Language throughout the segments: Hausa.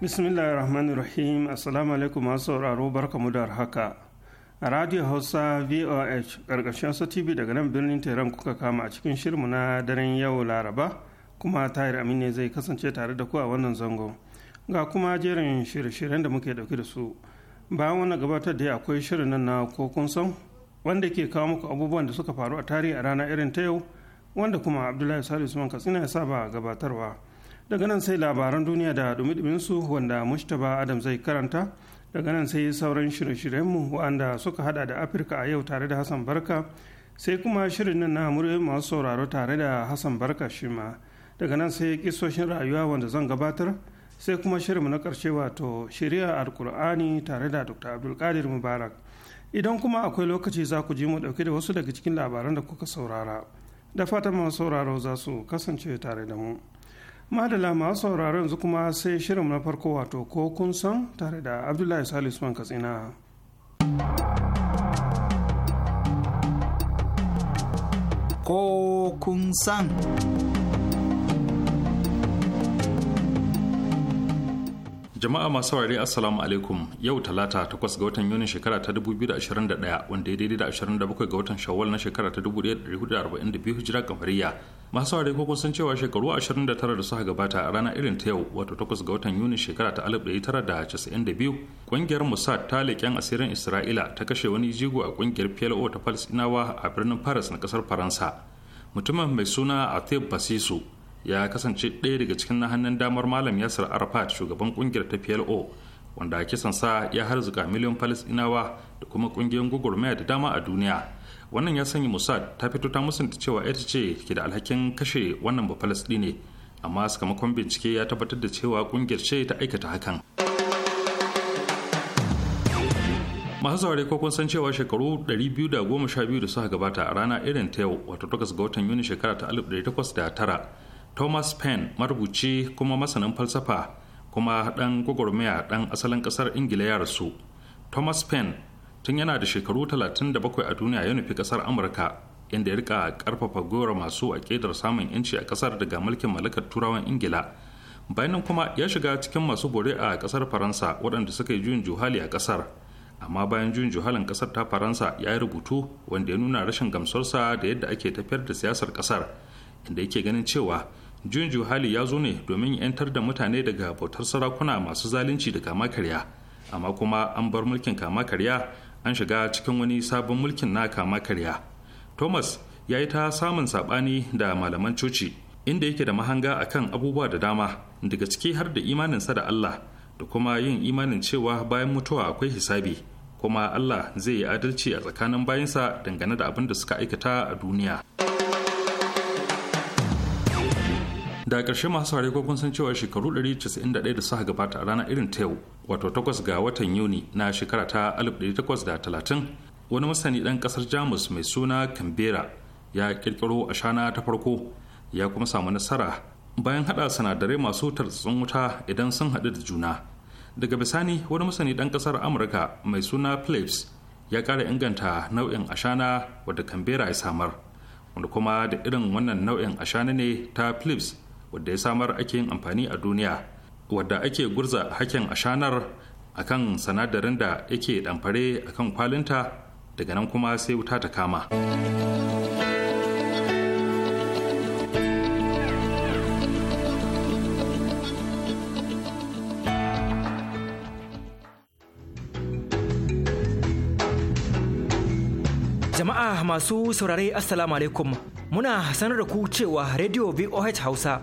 rahim assalamu alaikum masu sauraro barkamu da haka a radio hausa voh karkashin wasu tv daga nan birnin tehran kuka kama a cikin shirmu na daren yau laraba kuma tahir amin ne zai kasance tare da ku a wannan zango. ga kuma jerin shirye-shiryen da muke dauke da su bayan wannan gabatar da akwai shirin nan na ko kun san wanda ke kawo muku abubuwan da suka faru a tarihi a rana irin ta yau wanda kuma abdullahi salisu man katsina ya saba gabatarwa daga nan sai labaran duniya da dumi su wanda mustapha adam zai karanta daga nan sai sauran shirye-shiryenmu wanda suka hada da afirka a yau tare da hassan barka sai kuma shirin nan na murya masu sauraro tare da hassan barka shi ma daga nan sai kisoshin rayuwa wanda zan gabatar sai kuma shirinmu na karshe wato shirya alkur'ani tare da dr abdulkadir mubarak idan kuma akwai lokaci za ku ji mu dauke da wasu daga cikin labaran da kuka saurara da fatan masu sauraro za su kasance tare da mu. madala masu sauraron yanzu kuma sai shirin na farko wato ko kun san tare da abdullahi salisu man katsina ko kun san Jama'a masu saurare Assalamu alaikum yau talata takwas ga watan Yuni shekara ta 2021 wanda ya daidai da 27 ga watan Shawwal na shekara ta 1442 Hijira kamariya. Masu saurare ko san cewa shekaru 29 da suka gabata a ranar irin ta yau wato takwas ga watan Yuni shekara ta 1992 kungiyar Mossad ta leƙen asirin Isra'ila ta kashe wani jigo a kungiyar PLO ta Falsinawa a birnin Paris na kasar Faransa. Mutumin mai suna Atib Basisu ya kasance ɗaya daga cikin na hannun damar malam yasir arafat shugaban kungiyar ta plo wanda kisan sa ya harzuka miliyan falasɗinawa da kuma kungiyoyin gugurmaya da dama a duniya wannan ya sanya musad ta fito ta musanta cewa ita ce ke da alhakin kashe wannan ba ne amma sakamakon bincike ya tabbatar da cewa kungiyar ce ta aikata hakan masu saurari ko kun san cewa shekaru 212 da suka gabata a rana irin ta yau wato 8 ga watan yuni shekara ta 1809 thomas penn marubuci kuma masanin falsafa kuma ɗan gwagwarmaya ɗan asalin ƙasar ingila ya rasu thomas penn tun yana da shekaru 37 a duniya ya nufi ƙasar amurka inda ya rika ƙarfafa gora masu aƙidar samun yanci a ƙasar daga mulkin mallakar turawan ingila bayanan kuma ya shiga cikin masu bore a ƙasar faransa waɗanda suka yi juyin juhali a ƙasar amma bayan juyin juhalin kasar ta faransa ya yi rubutu wanda ya nuna rashin gamsarsa da yadda ake tafiyar da siyasar ƙasar inda yake ganin cewa juyin juhali ya zo ne domin yantar da mutane daga bautar sarakuna masu zalunci da kama karya amma kuma an bar mulkin kama karya an shiga cikin wani sabon mulkin na kama karya thomas ya yi ta samun saɓani da malaman coci inda yake da mahanga a kan abubuwa da dama daga ciki har da imaninsa da allah da kuma yin imanin cewa bayan mutuwa akwai hisabi kuma allah zai yi adalci a tsakanin bayansa dangane da abin da suka aikata a duniya. da ƙarshe masu saurari ko kun san cewa shekaru 191 da suka gabata a rana irin ta yau wato 8 ga watan yuni na shekara ta 1830 wani masani dan ƙasar jamus mai suna kambera ya ƙirƙiro ashana ta farko ya kuma samu nasara bayan haɗa sinadarai masu tartsatsun wuta idan sun haɗu da juna daga bisani wani masani dan ƙasar amurka mai suna phillips ya kara inganta nau'in ashana wadda kambera ya samar wanda kuma da irin wannan nau'in ashana ne ta phillips wadda ya samar ake yin amfani a duniya wadda ake gurza haken ashanar kan sanadarin da yake damfare a kan kwalinta daga nan kuma sai wuta ta kama. Jama'a masu saurare assalamu alaikum muna sanar da ku cewa radio voh hausa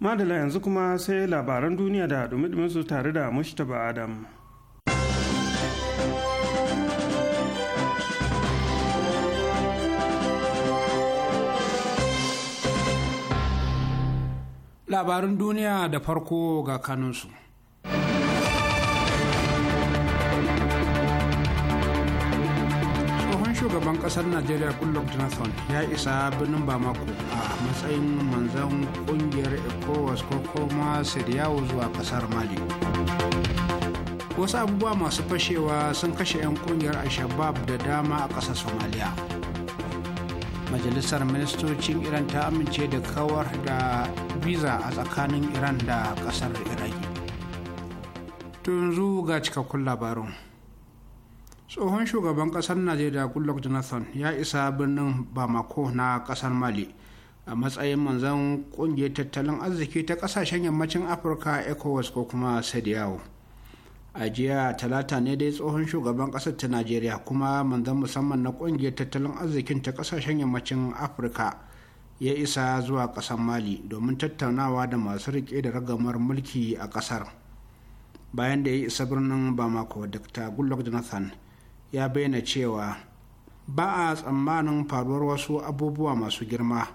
madala yanzu kuma sai labaran duniya da dumi su tare da mushtaba adam labarin duniya da farko ga kanunsu shugaban kasar najeriya goodluck jonathan ya isa birnin bamako a matsayin manzan kungiyar ecowas ko kuma siriyawo zuwa kasar mali wasu abubuwa masu fashewa sun kashe 'yan kungiyar alshabab da dama a ƙasar Somalia. majalisar ministocin iran ta amince da kawar da visa a tsakanin iran da ƙasar iraki to yanzu ga cikakkun labarun. tsohon shugaban kasar najeriya goodluck jonathan ya isa birnin bamako na kasar mali a matsayin manzan kungiyar tattalin arziki ta kasashen yammacin afirka ecowas ko kuma sadiyawo a jiya talata ne dai tsohon shugaban kasar ta najeriya kuma manzan musamman na kungiyar tattalin arzikin ta kasashen yammacin afirka ya isa zuwa kasar mali domin tattaunawa da masu rike da ragamar mulki a kasar bayan da ya isa birnin bamako dr goodluck jonathan ya bayyana cewa ba a tsammanin faruwar wasu abubuwa masu girma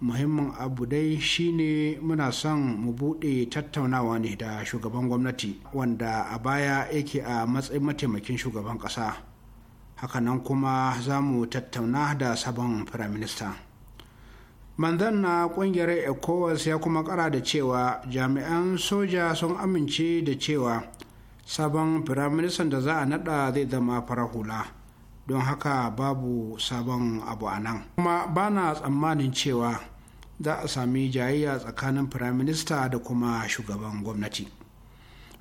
muhimmin abu dai shine muna son mu buɗe tattaunawa ne da shugaban gwamnati wanda a baya yake a matsayin mataimakin shugaban ƙasa hakanan kuma za mu tattauna da sabon firaminista manzan na ƙungiyar ecowas ya kuma kara da cewa jami'an soja sun amince da cewa sabon firaministan da za a nada zai zama fara hula don haka babu sabon abu a nan kuma ba na tsammanin cewa za a sami jayayya tsakanin firaminista da kuma shugaban gwamnati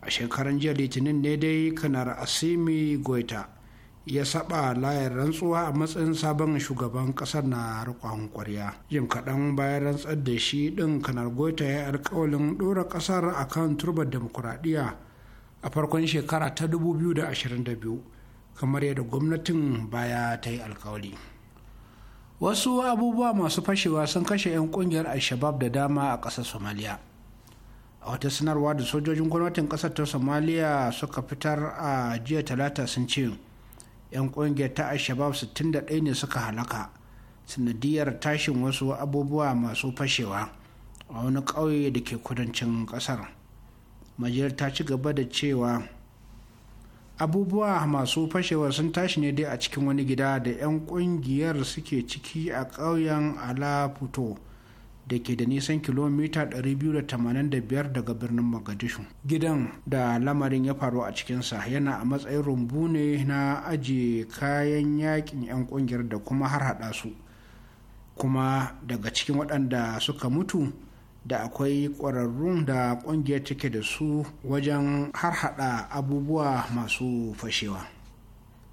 a shekaran jiya litinin ne dai kanar asimi goita ya saba layar rantsuwa a matsayin sabon shugaban kasar na rikon kwarya jim kaɗan bayan rantsar da shi ɗin kanar goita ya alkawalin ɗora ƙasar akan turbar demokuraɗiyya a farkon shekara ta 2022 kamar yadda gwamnatin baya ta yi alkawali wasu abubuwa masu fashewa sun kashe 'yan kungiyar al-shabab da dama a ƙasar somaliya a wata sanarwa da sojojin gwamnatin ƙasar ta somaliya suka fitar a jiya talata sun ce 'yan kungiyar ta al-shabab 61 ne suka halaka sanadiyar tashin wasu abubuwa masu fashewa a wani ƙauye da ke kudancin ƙasar majiyar ta ci gaba da cewa abubuwa masu fashewa sun tashi ne dai a cikin wani gida da 'yan kungiyar suke ciki a ƙauyen alaputo da ke da nisan kilomita 285 daga birnin magadishu. gidan da lamarin ya faru a cikinsa yana a matsayin rumbu ne na ajiye kayan yakin 'yan kungiyar da kuma har hada su kuma daga cikin waɗanda suka mutu da akwai ƙwararrun da ƙungiyar take da su wajen harhaɗa abubuwa masu fashewa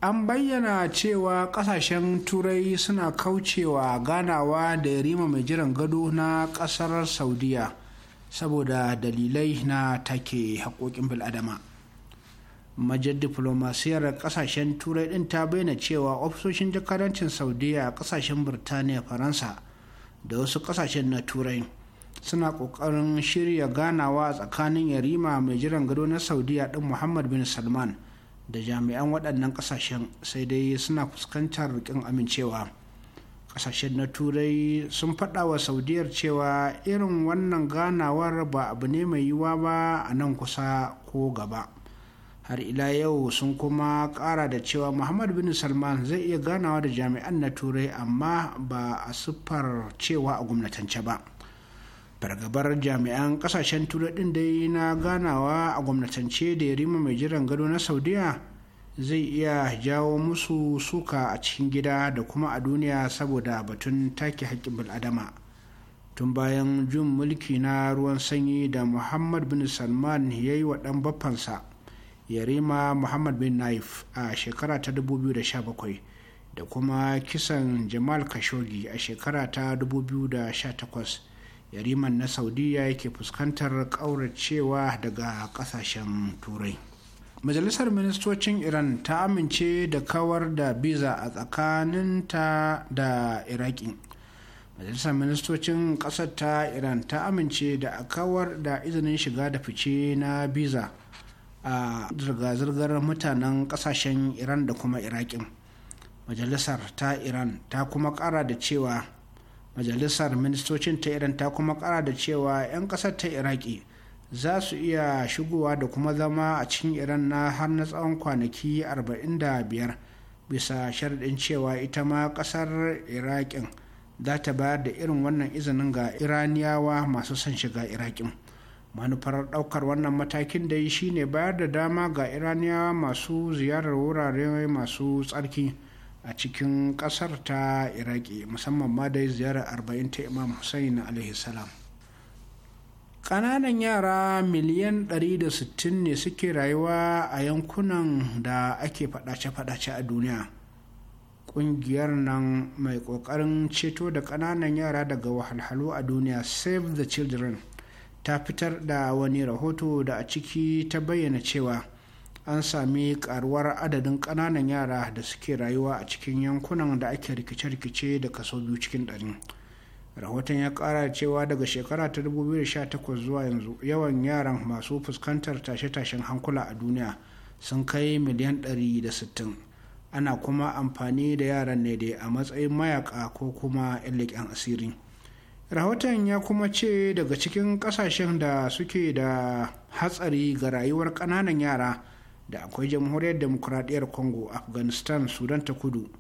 an bayyana cewa ƙasashen turai suna kaucewa ganawa da rima mai jiran gado na ƙasar saudiya saboda dalilai na take haƙoƙin bil'adama majar diflomasiyar ƙasashen turai din ta bayyana cewa ofisoshin jakadancin saudiya a ƙasashen birtaniya faransa da wasu ƙasashen na turai suna ƙoƙarin shirya ganawa a tsakanin yarima mai jiran gado na saudiya din muhammad bin salman da jami'an waɗannan ƙasashen sai dai suna fuskantar rikin amincewa ƙasashen na turai sun faɗa wa saudiyar cewa irin wannan ganawar ba abu ne mai yiwuwa ba a nan kusa ko gaba har ila yau sun kuma ƙara da cewa muhammad bin salman zai iya ganawa da jami'an na turai amma ba a siffar cewa a gwamnatance ba fargabar jami'an kasashen turai din dai na ganawa a gwamnatance da yarima mai jiran gado na saudiya zai iya jawo musu suka a cikin gida da kuma a duniya saboda batun take haƙƙin bil'adama tun bayan jin mulki na ruwan sanyi da muhammad bin salman ya yi wa ɗan baffansa yarima muhammad bin naif a shekara ta 2017 da kuma kisan jamal khashoggi a shekara ta yariman na saudiya yake fuskantar ƙauracewa daga kasashen turai majalisar ministocin iran ta amince da kawar da biza a tsakanin ta da iraki majalisar ministocin ƙasar ta iran ta amince da a kawar da izinin shiga da fice na biza a zirga-zirgar mutanen ƙasashen iran da kuma iraƙin majalisar ta iran ta kuma ƙara da cewa majalisar ministocin ta iran ta kuma kara da cewa 'yan kasar ta iraki za su iya shigowa da kuma zama a cikin iran na har na tsawon kwanaki 45 bisa sharaɗin cewa ita ma kasar irakin za ta bayar da irin wannan izinin ga iraniyawa masu son shiga irakin manufar ɗaukar wannan matakin da yi shine bayar da dama ga iraniyawa masu ziyarar wurare masu tsarki. a cikin kasar ta iraki musamman ma dai ziyarar arba'in ta imam hussein alaihi salam ƙananan yara miliyan 160 ne suke rayuwa a yankunan da ake faɗace-faɗace a duniya ƙungiyar nan mai ƙoƙarin ceto da ƙananan yara daga wahalhalu a duniya save the children ta fitar da wani rahoto da a ciki ta bayyana cewa an sami karuwar adadin ƙananan yara da suke rayuwa a cikin yankunan da ake rikice-rikice da kaso biyu cikin ɗari rahoton ya ƙara cewa daga shekara ta 2018 zuwa yanzu yawan yaran masu fuskantar tashe-tashen hankula a duniya sun kai miliyan 160 ana kuma amfani da yaran ne dai a matsayin mayaka ko kuma 'yan asiri rahoton ya kuma ce daga cikin ƙasashen da suke da hatsari ga rayuwar ƙananan yara da akwai jamhuriyar demokuraɗiyar congo afghanistan sudan ta kudu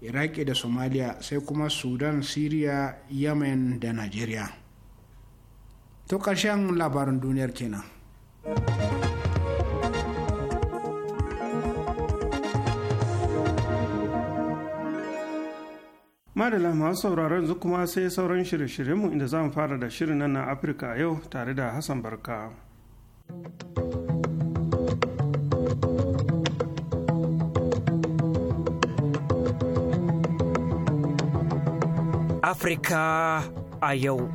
iraki da somalia sai kuma sudan syria yemen da nigeria to ƙarshen labarin duniyar kenan madalla masu sauraron zu kuma sai sauran shirye-shiryenmu inda za mu fara da shirin nan na afirka a yau tare da hassan barka. Afirka a yau.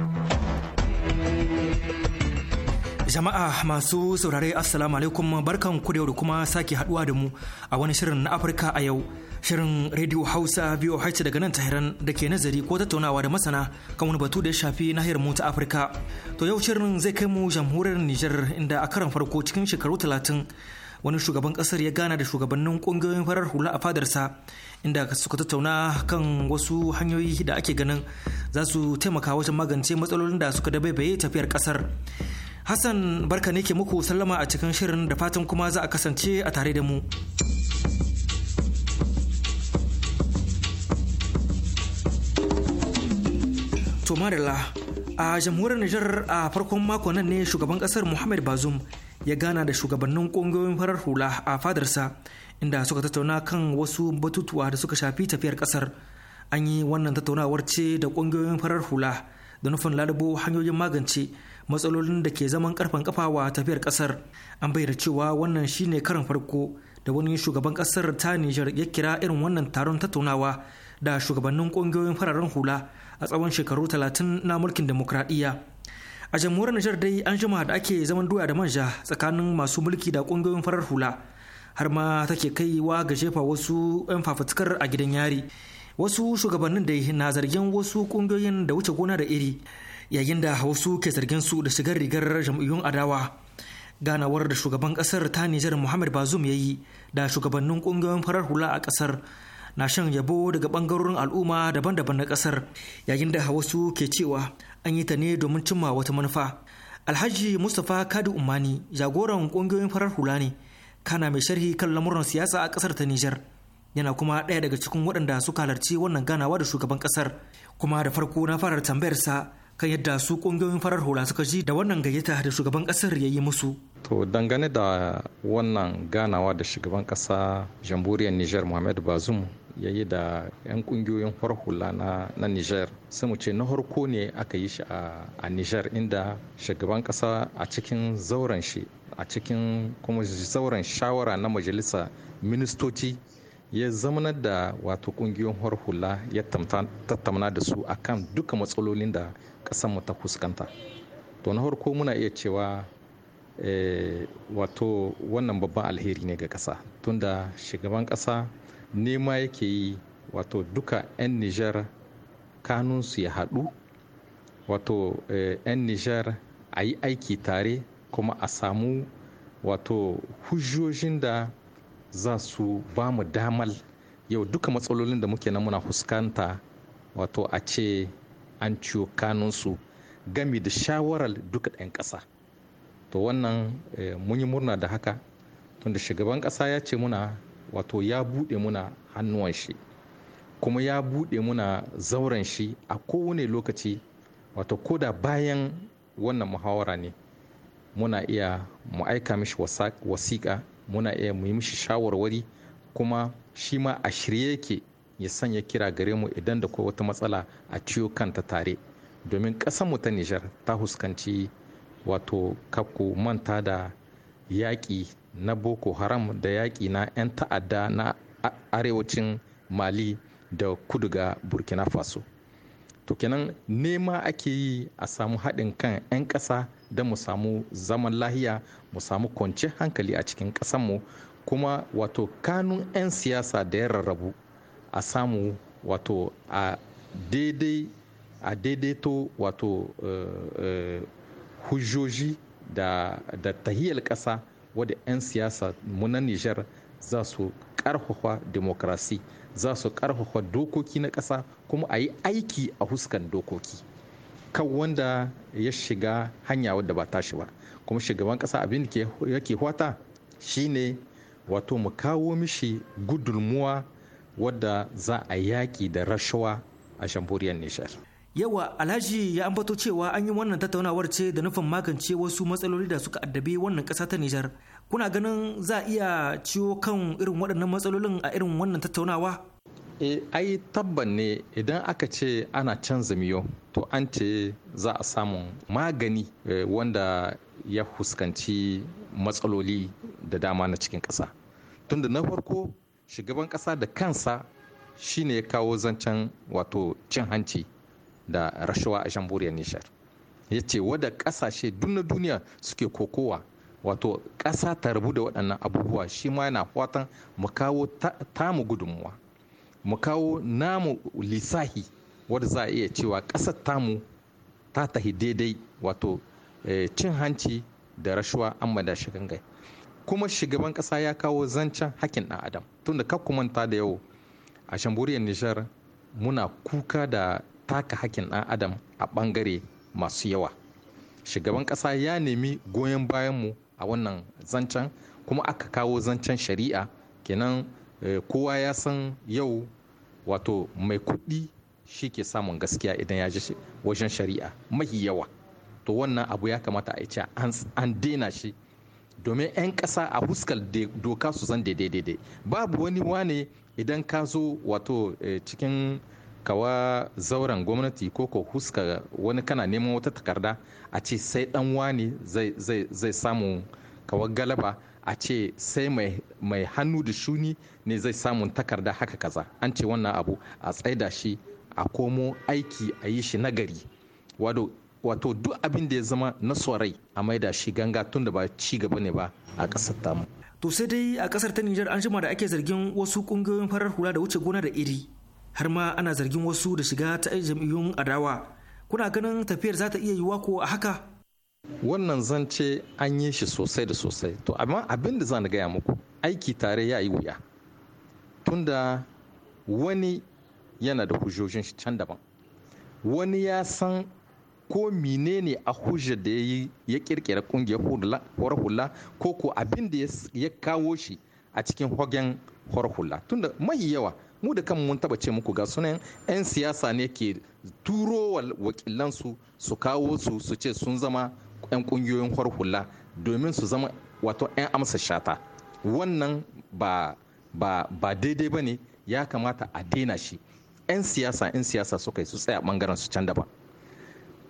Jama'a masu saurare Assalamu alaikum barkan ku da yau da kuma sake haduwa da mu a wani shirin na Afrika a yau. Shirin Radio Hausa biyu haice daga nan Tahiran da ke nazari ko tattaunawa da masana kan wani batu da ya shafi nahiyar mu ta Afirka. To yau shirin zai kai mu jamhuriyar Nijar inda a karan farko cikin shekaru talatin wani shugaban kasar ya gana da shugabannin kungiyoyin farar hula a fadarsa inda suka tattauna kan wasu hanyoyi da ake ganin za su taimaka wajen magance matsalolin da suka dabaibaye tafiyar kasar hassan barka ne ke muku sallama a cikin shirin da fatan kuma za a kasance a tare da mu to a jamhuriyar nijar a farkon makonan nan ne shugaban kasar muhammad bazum ya gana da shugabannin ƙungiyoyin farar hula a fadarsa inda suka tattauna kan wasu batutuwa da suka shafi tafiyar ƙasar an yi wannan tattaunawar ce da ƙungiyoyin farar hula da nufin lalubo hanyoyin magance matsalolin da ke zaman karfan kafawa tafiyar ƙasar an bayyana cewa wannan shine karan farko da wani shugaban ƙasar ta Nijar ya kira irin wannan taron tattaunawa da shugabannin ƙungiyoyin fararen hula a tsawon shekaru talatin na mulkin demokradiyya a jamhuriyar Nijar dai an jima da ake zaman doya da manja tsakanin masu mulki da kungiyoyin farar hula har ma take kaiwa ga jefa wasu 'yan fafutukar a gidan yari wasu shugabannin da na zargin wasu kungiyoyin da wuce gona da iri yayin da wasu ke zargin su da shigar rigar jam'iyyun adawa ganawar da shugaban kasar ta Nijar Muhammad bazum ya yi da shugabannin kungiyoyin farar hula a kasar na shan yabo daga bangarorin al'umma daban-daban na kasar yayin da wasu ke cewa an yi ta ne domin cimma wata manufa alhaji mustapha kadu umani jagoran ƙungiyoyin farar hula ne kana mai sharhi kan lamuran siyasa a ƙasar ta nijar yana kuma ɗaya daga cikin waɗanda suka halarci wannan ganawa da shugaban ƙasar kuma da farko na fara tambayar sa kan yadda su ƙungiyoyin farar hula suka ji da wannan gayyata da shugaban ƙasar ya yi musu to dangane da wannan ganawa da shugaban ƙasa jamhuriyar nijar muhammadu bazum ya yi da 'yan kungiyoyin hula na, Nijar niger sai mu ce na harko ne aka yi shi a, a niger inda shugaban kasa a cikin zauren shi a cikin kuma zauren shawara na majalisa ministoci ya zamana da wato kungiyoyin hula ya tattauna da su akan duka matsalolin da mu ta fuskanta to na harko muna iya cewa eh, wato wannan babban alheri ne ga ƙasa tunda shugaban ƙasa nema yake yi wato duka 'yan nijar kanunsu ya haɗu wato eh, 'yan nijar a yi aiki tare kuma a samu wato hujjojin da za su ba mu damal yau duka matsalolin da muke na muna fuskanta wato a ce an ciyo kanunsu gami da shawarar duka 'yan ƙasa to wannan eh, mun yi murna da haka tunda shugaban ƙasa ya ce muna wato ya buɗe muna hannuwan shi kuma ya buɗe muna zauren shi a kowane lokaci wato ko da bayan wannan muhawara ne muna iya mu aika mishi wasiƙa muna iya mu yi mishi shawarwari kuma shi ma a shirye yake ya sanya kira gare mu idan da wata matsala a ciyo kanta tare domin mu ta nijar ta huskanci wato kakku manta da yaƙi na boko haram da yaƙi na 'yan ta'adda na arewacin mali da kudu ga burkina faso to kenan nema ake yi a samu haɗin kan 'yan ƙasa da mu samu zaman lahiya mu samu kwanciyar hankali a cikin ƙasanmu kuma wato kanun 'yan siyasa da ya rarrabu a samu wato a daidai a daidaito wato eh, eh, hujjoji da, da tahiyar ƙasa wadda 'yan siyasa mu na Nijar za su karfafa demokrasi za su karfafa dokoki na ƙasa kuma a yi aiki a huskan dokoki kan wanda ya shiga hanya wadda ba shi ba kuma shugaban ƙasa abin da yake hwata shine wato mu kawo mishi gudunmuwa wadda za a yaƙi da rashawa a shamburiyar nishar Yawa Alhaji ya ambato cewa an yi wannan tattaunawar ce da nufin magance wasu matsaloli da suka addabi wannan kasa ta Nijar. Kuna ganin za a iya ciwo kan irin waɗannan matsalolin a irin wannan tattaunawa? E, ai tabban ne idan aka ce ana canza miyo to an ce za a samu magani eh, wanda ya fuskanci matsaloli da dama na cikin ƙasa. Tunda na farko shigaban ƙasa da kansa shine ya kawo zancen wato cin hanci. da rashawa a jamhuriyar nishar ya ce wadda kasashe duna duniya suke kokowa wato ƙasa ta rabu da waɗannan abubuwa shi ma yana fatan mu kawo tamu gudunmuwa mu kawo namu lisahi wadda za a iya cewa ƙasar tamu ta tahi daidai wato eh, cin hanci da rashuwa an mada shi gangai kuma shugaban ƙasa ya kawo zancen hakin ɗan adam tunda ka manta da yau a shamburiyar nishar muna kuka da taka hakkin ɗan adam a ɓangare masu yawa shugaban ƙasa ya nemi goyon bayanmu a wannan zancen kuma aka kawo zancen shari'a kenan eh, kowa ya san yau wato mai kuɗi shi ke samun gaskiya idan ya je wajen shari'a mahi yawa to wannan abu ya kamata a ce an daina shi domin 'yan ƙasa a huskar doka su zan daidai babu wani wane idan ka zo wato eh, cikin kawa zauren gwamnati ko ko huska wani kana neman wata takarda a ce sai dan wani zai samu kawa galaba a ce sai mai hannu da shuni ne zai samu takarda haka kaza an ce wannan abu a tsaida shi a komo aiki a yi shi nagari wato duk abin da ya zama na sorai a da shi ganga tun da ba ci gaba ne ba a ƙasar tamu to sai dai a ƙasar ta Nijar an jima da ake zargin wasu ƙungiyoyin farar hula da wuce gona da iri har ma ana zargin wasu da shiga ta jam'iyyun adawa kuna ganin tafiyar za ta iya yiwa ko a haka wannan zance an yi shi sosai da sosai to amma abin da zan gaya muku aiki tare ya yi wuya tunda wani yana da hujjojin shi can daban wani ya san ko menene a hujjar da ya yi ya kirkira kungiyar hula ko ko abin da ya kawo shi a cikin hogen hula tunda mahi yawa mu da kanmu mun taba ce muku ga sunan 'yan siyasa ne ke turo wakilansu su kawo su su ce sun zama 'yan kungiyoyin hula domin su zama wato 'yan amsa shata wannan ba ba daidai ba ne ya kamata a daina shi 'yan siyasa 'yan siyasa suka yi su tsaya bangaren su can daban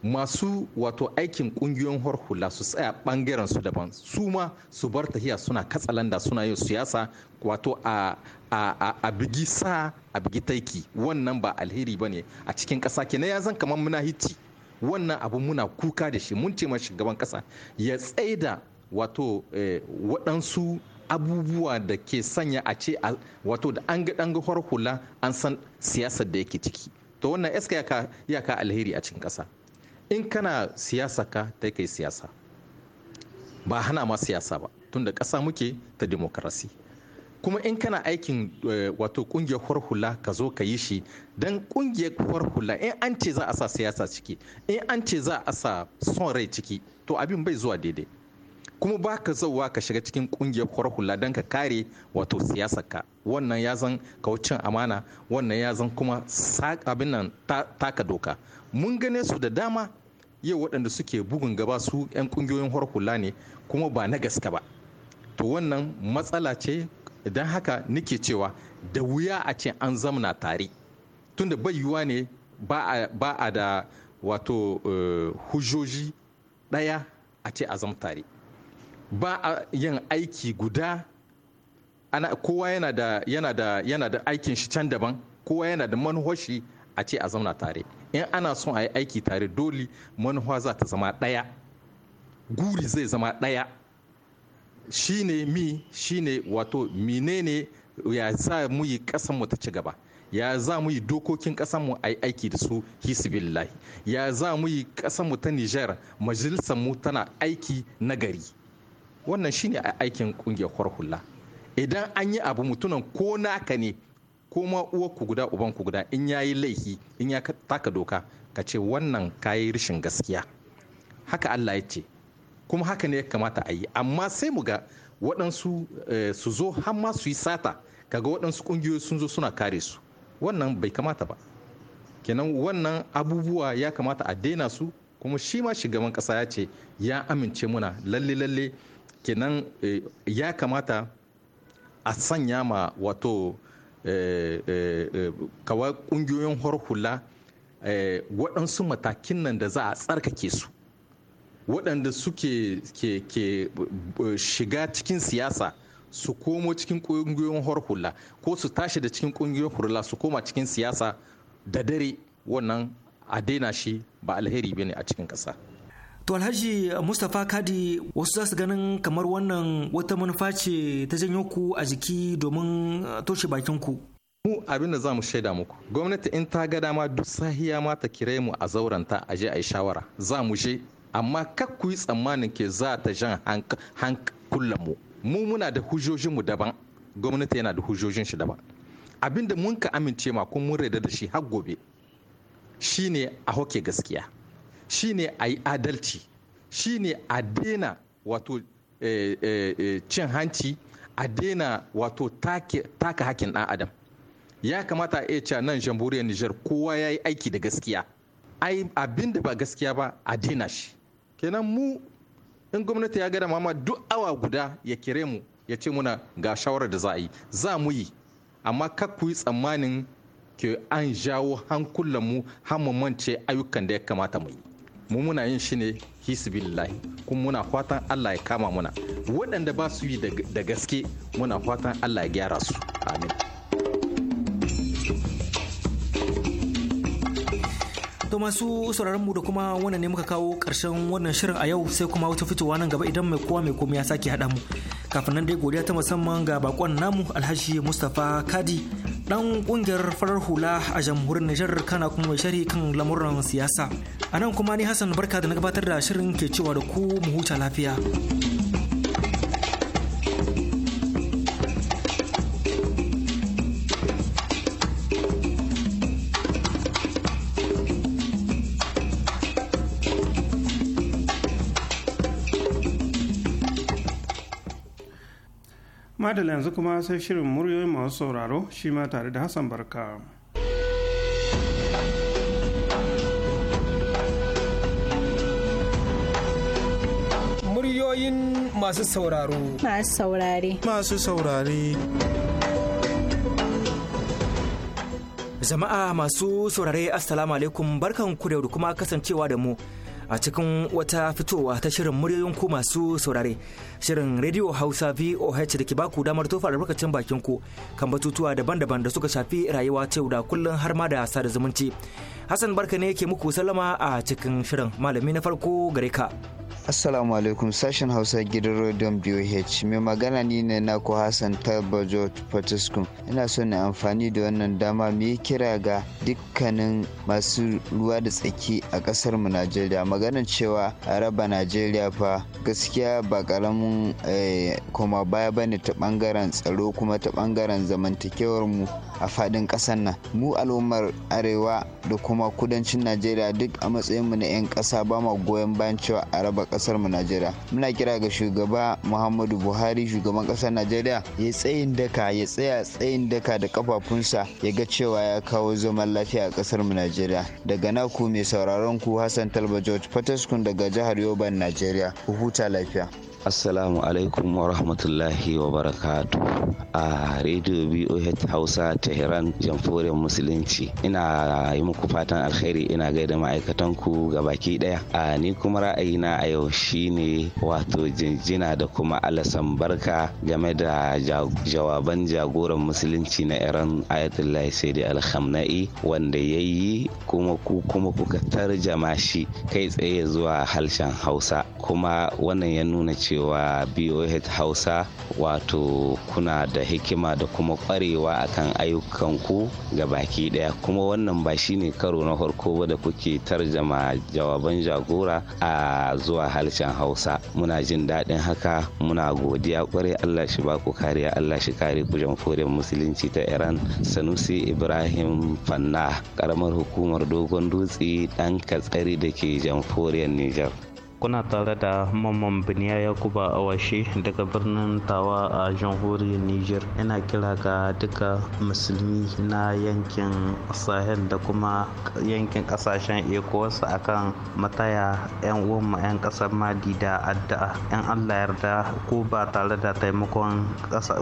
masu wato aikin kungiyoyin hula su tsaya bangaren su daban su ma su bar tahiya suna katsalanda suna yin siyasa wato a a bigi sa a bigi taiki wannan ba alheri ba ne a cikin ƙasa kenan ya zan kamar muna hici wannan abin muna kuka da shi mun ce ma shugaban ƙasa ya tsaida wato eh, waɗansu abubuwa da ke sanya a ce wato da an ga ɗan hula an san siyasar da yake ciki to wannan iska ya ka alheri a cikin ƙasa in kana siyasa ka ta kai siyasa ba hana ma siyasa ba tunda ƙasa muke ta demokarasi kuma in kana aikin eh, wato kungiyar hula ka zo ka yi shi don kungiyar hula in an ce za a sa siyasa ciki in an ce za a sa son rai ciki to abin bai zuwa daidai kuma ba ka zauwa ka shiga cikin kungiyar hula don ka kare wato ka wannan ya zan kaucin amana wannan ya zan kuma abin nan taka doka mun gane su da dama yau waɗanda suke bugun gaba su 'yan kungiyoyin hula ne kuma ba na gaske ba to wannan matsala ce Idan haka nake cewa da wuya a ce an zamna tare tunda bai yiwuwa ne ba a da wato eh, hujjoji ɗaya a ce a zama tare ba a yin aiki guda ana kowa yana da aikin shi can daban kowa yana da manuhoshi a ce a zauna tare in ana son a yi aiki tare dole manuwa za ta zama ɗaya guri zai zama ɗaya Shi ne mi ne wato menene ya za mu yi kasan mu ta ci gaba ya za mu yi dokokin mu a yi aiki da su hisbillahi ya za mu yi mu ta nijar majalisar mu tana aiki nagari wannan wannan shine aikin kungiyar hula idan an yi abu mutunan ko naka ne ko ma ku guda uban ku guda in ya yi laifi in ya taka doka ka ce wannan kayi rashin gaskiya haka allah ya ce kuma haka ne ya kamata a yi amma sai mu ga waɗansu eh, su zo har ma su yi sata kaga waɗansu ƙungiyoyi sun zo suna kare su wannan bai kamata ba kenan wannan abubuwa ya kamata a daina su kuma shi ma shugaban ƙasa ya ce ya amince muna lalle lalle kenan eh, ya kamata a sanya ma wato eh, kawai ƙungiyoyin hula waɗansu matakin nan da za a tsarkake su waɗanda suke ke, ke eh, shiga cikin siyasa su komo cikin ƙungiyoyin horhula ko su tashi da cikin ƙungiyoyin horhula su koma cikin siyasa da dare wannan a daina shi ba alheri bane a cikin ƙasa. To Alhaji Mustapha Kadi wasu za su ganin kamar wannan wata manufa ce ta janyo ku a jiki domin eh, toshe bakin ku. Mu abin da za mu shaida muku. Gwamnati in ta ga dama duk sahiya ma ta kire mu a zauranta a je a yi shawara. Za mu je amma kak ku yi tsammanin ke za ta jan hankulan mu mu muna da hujjojin mu daban gwamnati yana da hujjojin shi daban abinda mun ka amince ma kun mun da shi har gobe shine a hoke gaskiya shine a yi adalci shine a daina wato eh, eh, eh, cin hanci a daina wato taka hakin ɗan adam ya kamata a iya nan jamhuriyar nijar kowa ya yi aiki da gaskiya ai abin da ba gaskiya ba a daina shi kenan mu in gwamnati ya gada mama duk awa guda ya kire mu ya ce muna ga shawarar da za a yi za mu yi amma kak ku yi tsammanin ke an jawo hankulanmu har mu ayyukan da ya kamata mu yi mu muna yin shi ne hisbillahi kuma muna fatan Allah ya kama muna waɗanda ba su yi da gaske muna fatan Allah ya gyara su amin To masu sauraron mu da kuma wannan ne muka kawo karshen wannan shirin a yau sai kuma wata fitowa nan gaba idan mai kowa mai komai ya sake haɗa mu. Kafin nan dai godiya ta musamman ga bakon namu Alhaji Mustapha Kadi dan kungiyar farar hula a jamhuriyar Nijar kana kuma mai sharhi kan lamuran siyasa. A nan kuma ni Hassan Barka da na gabatar da shirin ke cewa da ku mu huta lafiya. madala yanzu kuma sai shirin muryoyin masu sauraro shi ma tare da hassan barka muryoyin masu sauraro masu saurare masu saurare jama'a masu saurare assalamu alaikum barkan ku da kuma kasancewa da mu a cikin wata fitowa ta shirin muryoyin ku masu saurare shirin rediyo hausa voh da ke baku damar tofa albarkacin bakin ku kan batutuwa daban-daban da suka shafi rayuwa ta yau da kullum har ma da sada zumunci hassan barka ne ke muku sallama a cikin shirin malami na farko gare ka. Assalamu alaikum sashen Hausa gidan Rodon BOH. Mai magana ni ne na ku Hassan Tabajo Fatiskun. Ina so na amfani da wannan dama mu yi kira ga dukkanin masu ruwa da tsaki a kasar mu Najeriya. Maganar cewa a raba Najeriya fa gaskiya ba karamin eh, koma baya bane ta bangaren tsaro kuma ta bangaren zamantakewar mu a fadin kasar nan. Mu al'ummar arewa da kuma kudancin Najeriya duk a matsayin mu na 'yan kasa ba ma goyon bayan cewa a raba kasar mu najeriya muna kira ga shugaba muhammadu buhari shugaban kasar najeriya ya tsayin daka ya tsaya tsayin daka da kafafunsa ya ga cewa ya kawo zaman lafiya a kasar mu najeriya daga naku mai sauraron ku hassan talba george fataskun daga jihar yoban najeriya ku huta lafiya Assalamu alaikum wa rahmatullahi wa barakatu. A Radio BOH Hausa Tehran Jamhuriyar Musulunci. Ina yi muku fatan alkhairi ina gaida ma'aikatanku ga baki daya. A ni kuma ra'ayina a yau shine wato jinjina da kuma alasan barka game da jawaban jagoran musulunci na Iran Ayatollah sai da alhamnai wanda ya yi kuma ku kuma kuka tarjama shi kai tsaye zuwa harshen Hausa. Kuma wannan ya nuna cewa cewa BOH Hausa wato kuna da hikima da kuma kwarewa akan ayyukanku ga baki daya kuma wannan ba shine karo na farko ba da kuke tarjama jawaban jagora a zuwa harshen Hausa muna jin daɗin haka muna godiya kwarai Allah shi baku kariya Allah shi kare ku jamhuriyar musulunci ta Iran Sanusi Ibrahim Fanna karamar hukumar dogon dutse dan katsari da ke jamhuriyar Nijar. kuna tare da mamman biniya yakuba awashe daga birnin tawa a jamhuriyar niger yana kira ga duka musulmi na yankin sahel da kuma yankin kasashen ecowas akan mataya 'yan uwanmu 'yan kasar madi da addu'a 'yan allah yarda ko ba tare da taimakon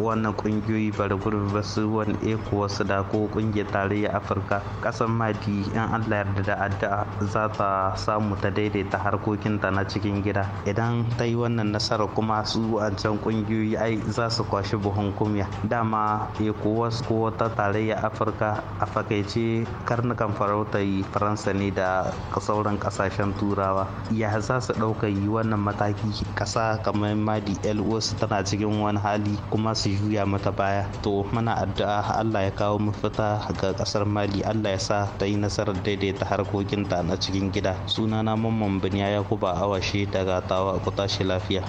wannan kungiyoyi gurbi ba su wani wasu da ko kungiyar tarayyar afirka kasar madi 'yan allah yarda da addu'a za ta samu ta daidaita harkokinta na cikin gida idan ta yi wannan nasarar kuma su wancan kungiyoyi ai za su kwashi buhun kumya dama ecowas ko ta tarayya afirka a fakaice karnukan yi faransa ne da sauran kasashen turawa ya za su ɗauka yi wannan mataki kasa kamar madi los tana cikin wani hali kuma su juya mata baya to mana addu'a allah ya kawo mafita ga ƙasar mali allah ya sa ta yi nasarar daidaita ta na cikin gida sunana mamman biniya yakuba awa shi daga tawa kuta shi lafiya.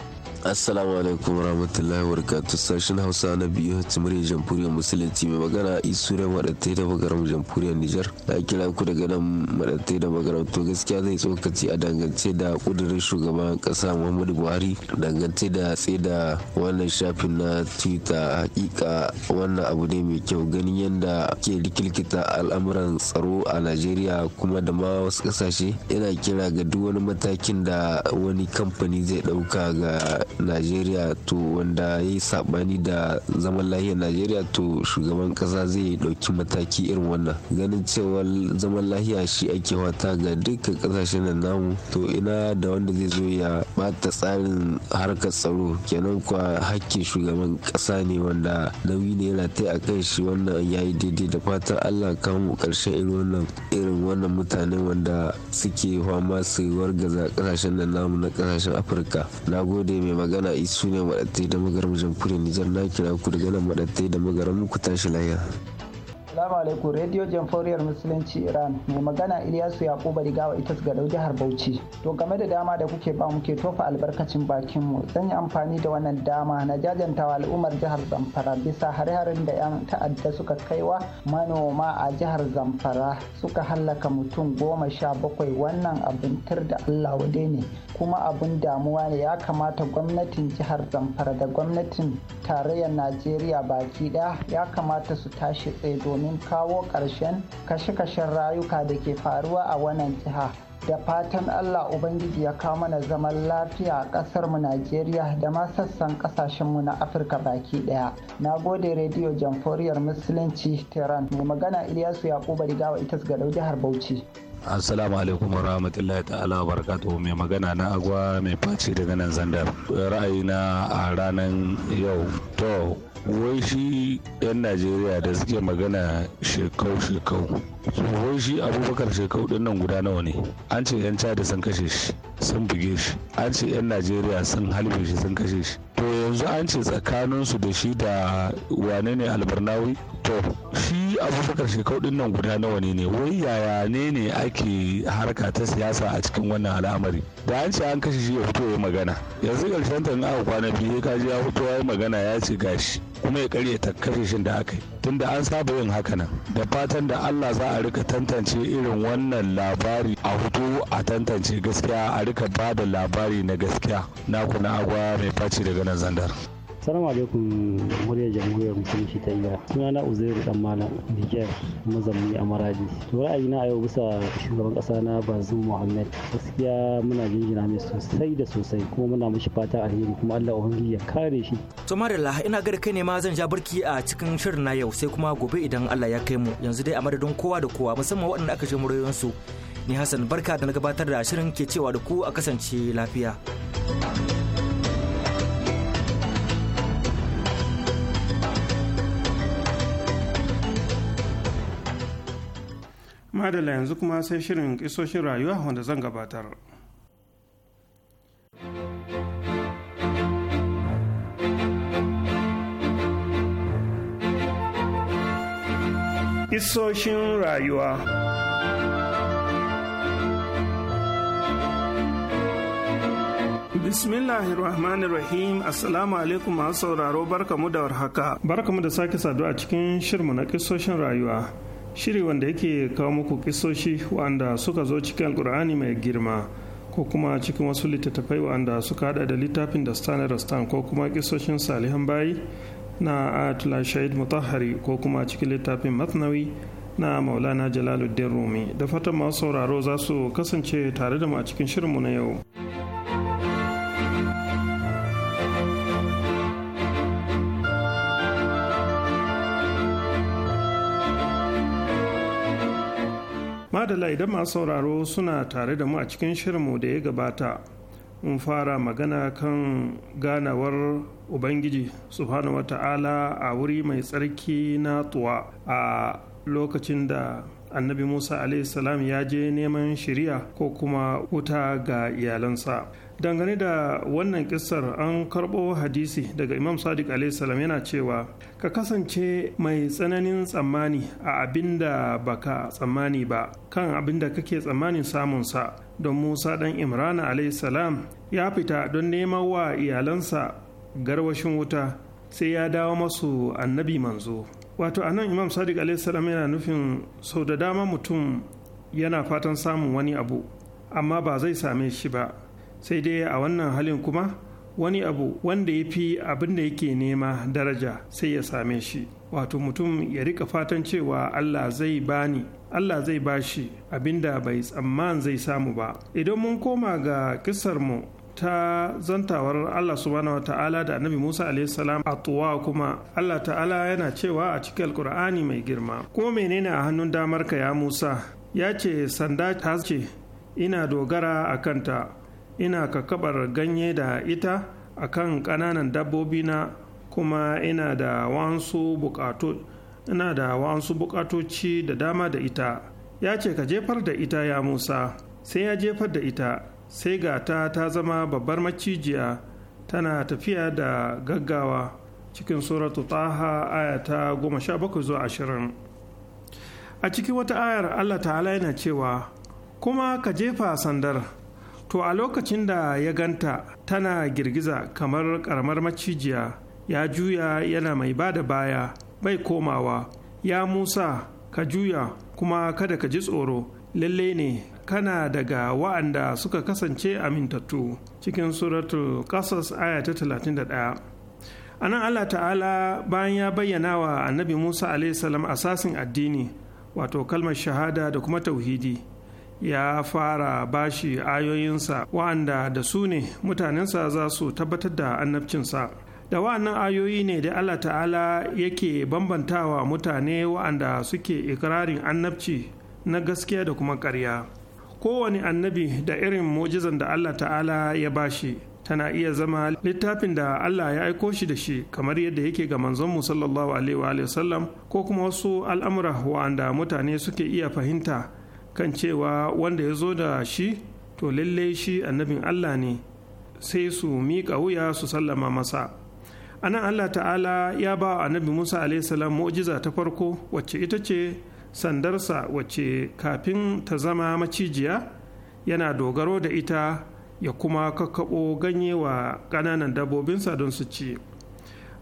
assalamu alaikum warahmatullahi wabarakatuh sashen hausa na biyu murya jamhuriyar musulunci mai magana isu da da Bagaram jamhuriyar nijar da kira ku daga nan maɗatai da Bagaram to gaskiya zai tsokaci a dangance da kudurin shugaban kasa muhammadu buhari dangance da da wannan shafin na twitter hakika wannan abu ne mai kyau ganin yadda ke likita al'amuran tsaro a najeriya kuma da ma wasu kasashe yana kira ga duk wani matakin da wani kamfani zai ɗauka ga najeriya to wanda ya yi sabani da zaman lahiyar najeriya to shugaban kasa zai dauki mataki irin wannan ganin cewa zaman lahiya shi ake wata ga duka kasashen nan namu to ina da wanda zai zo ya bata tsarin harkar tsaro kenan kwa hakkin shugaban kasa ne wanda nauyi ne yana ta a kan shi wannan yayi daidai da fatan allah kamu karshen irin wannan irin wanda suke fama su wargaza kasashen nan namu na kasashen afirka na gode mai magana isu ne maɗattai da magaram jamfuri Nijar na kira ku daga nan maɗatai da magaram ku tashi lahiya. Assalamu alaikum Radio Jamforiyar Musulunci Iran mai magana Ilyasu Yakuba Rigawa ita ga dau jihar Bauchi. To game da dama da kuke ba muke tofa albarkacin bakin mu zan yi amfani da wannan dama na jajantawa al'ummar jihar Zamfara bisa hare-haren da 'yan ta'adda suka kaiwa manoma a jihar Zamfara suka hallaka mutum goma sha bakwai wannan abin tar da Allah wade ne kuma abin damuwa ne ya kamata gwamnatin jihar Zamfara da gwamnatin tarayyar Najeriya baki daya ya kamata su tashi tsaye domin domin kawo ƙarshen kashe-kashen rayuka da ke faruwa a wannan jiha. da fatan Allah Ubangiji ya kawo mana zaman lafiya a ƙasarmu Najeriya da ma sassan ƙasashenmu na Afirka baki ɗaya. Na gode Rediyo Jamforiyar Musulunci Tehran. Mai magana Ilyasu Yakuba wa ita Dauji jihar Bauchi. Assalamu alaikum wa rahmatullahi ta'ala wa barakatu mai magana na agwa mai faci daga nan zandar ra'ayina a ranar yau to wai shi 'yan najeriya da suke magana shekau-shekau wai shi abubakar shekau din nan guda nawa ne an ce 'yan chad sun kashe shi sun buge shi an ce 'yan najeriya sun halbe shi sun kashe shi to yanzu an ce tsakaninsu da shi da wane ne albarnawi to shi abubakar shekau din nan guda nawa ne ne wai yaya ne ne ake harka ta siyasa a cikin wannan al'amari da an ce an kashe shi ya fito ya magana yanzu karshen ta aka kwana biyu ka kaji ya fito ya magana ya ce gashi kuma ya karya ta kashe shin da aka yi tun da an saba yin haka nan da fatan da Allah za a rika tantance irin wannan labari a hutu a tantance gaskiya a rika ba da labari na gaskiya na kuna agwa mai faci daga nan zandar. Salamu alaikum muryar jamhuriyar musulunci ta iya. Sunana Uzairu dan malam Niger mazamni a Maradi. To ra'ayina a yau bisa shugaban kasa na bazin Muhammad. Gaskiya muna jinjina mai sosai da sosai kuma muna mishi fata alheri kuma Allah ubangiji ya kare shi. To Marilla ina ga kai ne ma zan ja barki a cikin shirin na yau sai kuma gobe idan Allah ya kai mu yanzu dai a madadin kowa da kowa musamman waɗanda aka je su Ni Hassan barka da na gabatar da shirin ke cewa da ku a kasance lafiya. da yanzu kuma sai shirin isoshin rayuwa wanda zan gabatar. Isoshin rayuwa Bismillahirrahmanirrahim Assalamu alaikum masu sauraro barkamu da warhaka barkamu da sake saduwa a cikin shirmu na kisoshin rayuwa shiri wanda yake kawo muku kisoshi wanda suka zo cikin alkur'ani mai girma ko kuma cikin wasu littattafai wanda suka hada da littafin da stan rastan ko kuma kisoshin salihan bayi na atula shahid mutahari ko kuma cikin littafin matnawi na maulana jalaluddin rumi da fatan masu sauraro za su kasance tare da mu a cikin shirinmu na yau. madala idan masu sauraro suna tare da mu a cikin shirinmu da ya gabata mun fara magana kan ganawar ubangiji subhanahu wata'ala a wuri mai tsarki na tuwa a lokacin da annabi musa salam ya je neman shiriya ko kuma wuta ga iyalansa dangane da wannan kissar an karɓo hadisi daga imam sadiq salam yana cewa ka kasance mai tsananin tsammani a abin da baka tsammani ba kan abin da kake tsammanin samunsa don musa dan imrana salam ya fita don neman wa iyalansa garwashin wuta sai ya dawo masu annabi manzo wato anan imam sadiq salam yana nufin sau da dama mutum yana fatan samun wani abu amma ba zai same shi ba sai dai a wannan halin kuma wani abu wanda ya fi abin da yake nema daraja sai ya same shi wato mutum ya rika fatan cewa Allah zai bani Allah zai bashi abinda bai tsamman zai samu ba idan mun koma ga mu ta zantawar Allah subhanahu ta'ala da annabi Musa salam. a tuwa kuma Allah ta'ala yana cewa a cikin alkur'ani mai girma ko menene a hannun damarka ya Musa ya ce sanda ta ce ina dogara a kanta ina kakabar ganye da ita a kan ƙananan dabbobi na kuma ina da wasu buƙatoci da dama da ita ya ce ka jefar da ita ya musa sai ya jefar da ita sai gata ta ta zama babbar macijiya tana tafiya da gaggawa cikin suratu taha aya ta goma sha bakwai zuwa ashirin a cikin wata ayar allah ta'ala yana cewa kuma ka jefa sandar to a lokacin da ya ganta tana girgiza kamar karamar macijiya ya juya yana mai ba da baya bai komawa ya musa ka juya kuma kada ka ji tsoro lalle ne kana daga wa'anda suka kasance amintattu cikin suratul kasas aya ta 31 a nan allah ta'ala bayan ya bayyana wa annabi musa salam asasin addini wato kalmar shahada da kuma tauhidi ya fara bashi ayoyinsa wa'anda da su ne mutanensa za su tabbatar da annabcinsa da wa'annan ayoyi ne da Allah ta'ala yake bambantawa mutane wa'anda suke ikirarin annabci na gaskiya da kuma karya. kowane annabi da irin mujizan da Allah ta'ala ya bashi tana iya zama littafin da Allah ya aiko shi da shi kamar yadda yake ga manzonmu sallallahu alaihi wa sallam ko kuma wasu al'amura wa'anda mutane suke iya fahimta kan cewa wanda ya zo da shi to lalle shi annabin Allah ne sai su miƙa wuya su sallama masa anan Allah ta'ala ya ba wa annabi Musa salam mu'jiza ta farko wacce ita ce sandarsa wacce kafin ta zama macijiya yana dogaro da ita ya kuma kakkaɓo ganye wa ƙananan dabbobinsa don su ci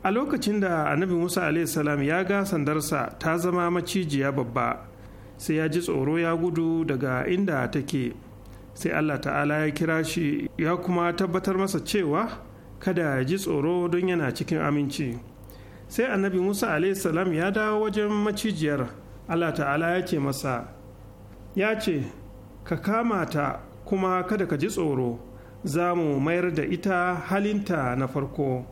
a lokacin da annabi musa salam ya ga sandarsa ta zama macijiya babba sai ya ji tsoro ya gudu daga inda take sai allah ta'ala ya kira shi ya kuma tabbatar masa cewa kada ya ji tsoro don yana cikin aminci sai annabi musa salam ya dawo wajen macijiyar allah ta'ala ya ce masa ya ce ka kama ta kuma kada ka ji tsoro za mu mayar da ita halinta na farko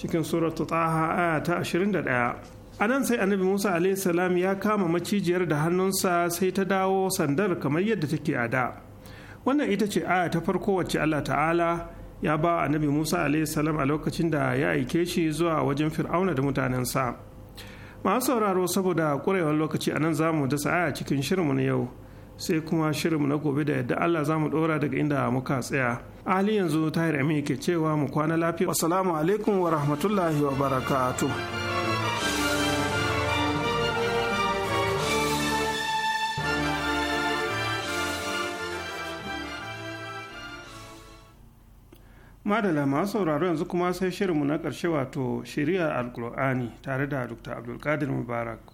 cikin suratu taha aya ta 21 a nan sai annabi musa salam ya kama macijiyar da hannunsa sai ta dawo sandar kamar yadda take a da wannan ita ce aya ta farko wacce allah ta'ala ya ba annabi musa salam a lokacin da ya aike shi zuwa wajen fir'auna da mutanensa masu sauraro saboda ƙurewar lokaci a nan za mu dasa aya cikin shirinmu na yau sai kuma shirinmu na gobe da yadda allah za mu ɗora daga inda muka tsaya Ali yanzu tahir amin ke cewa mu kwana lafiya assalamu alaikum wa rahmatullahi wa barakatuh madala masu sauraro yanzu kuma sai shirinmu na ƙarshe wato shari'ar alkur'ani tare da dr abdulkadir mubarak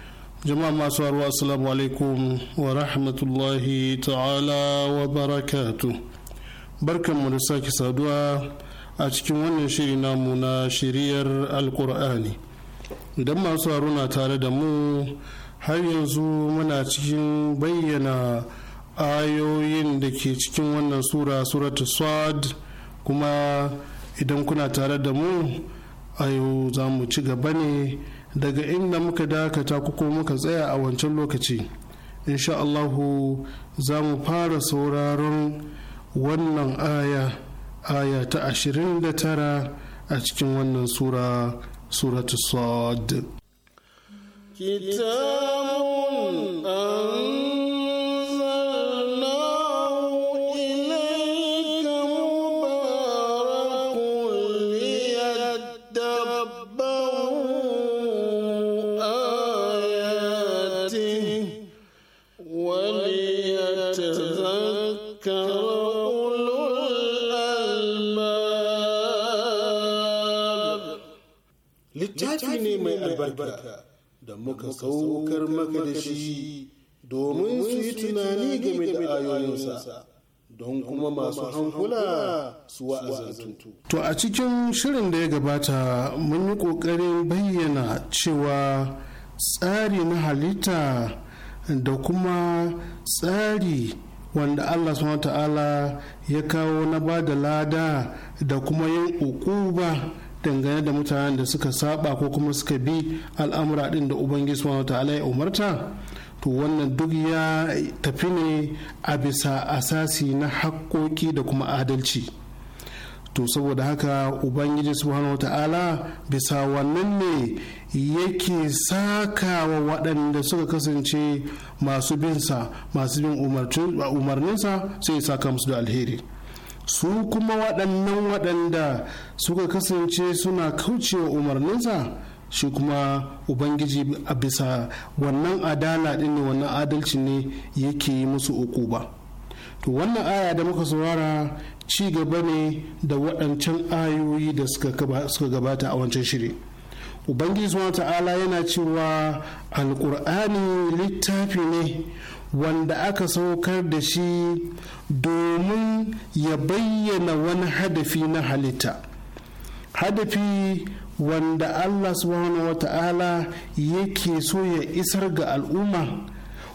jama'a masu haruwa assalamu alaikum wa rahmatullahi ta'ala wa barakatu barkan mu da sake saduwa a cikin wannan shiri namu na shiriyar alkur'ani idan masu na tare da mu har yanzu muna cikin bayyana ayoyin da ke cikin wannan sura suratu swad kuma idan kuna tare da mu a yau za mu ci gaba ne daga inda muka dakata kuko muka tsaya a wancan lokaci insha Allahu za mu fara sauraron wannan aya aya ta tara a cikin wannan sura suratu sad kitabun albarka da muka saukar maka da shi domin su yi tunani game da ayoyinsa don kuma masu hankula su wa To a cikin shirin da ya gabata mun yi ƙoƙarin bayyana cewa tsari na halitta da kuma tsari wanda Allah subhanahu ta'ala ya kawo na ba da lada da kuma yin ukuba dangane da mutanen da suka saba ko kuma suka bi al'amura din da ubangiji subhanahu ta'ala ya umarta to wannan duk ya tafi ne a bisa asasi na haƙƙoƙi da kuma adalci to saboda haka ubangiji subhanahu ta'ala bisa wannan ne yake sakawa waɗanda suka kasance masu binsa masu bin umarninsa sai ya saka musu da alheri su kuma waɗannan waɗanda suka kasance suna kaucewa umarninsa shi kuma ubangiji a bisa wannan adala ɗin ne wannan adalci ne yake yi musu uku ba to wannan aya da muka saurara ci gaba ne da waɗancan ayoyi da suka gabata a wancan shiri ubangiji suna ta'ala yana cewa Alƙur'ani littafi ne wanda aka saukar da shi domin ya bayyana wani hadafi na halitta hadafi wanda allah subhanahu wa ta'ala yake so ya isar ga al'umma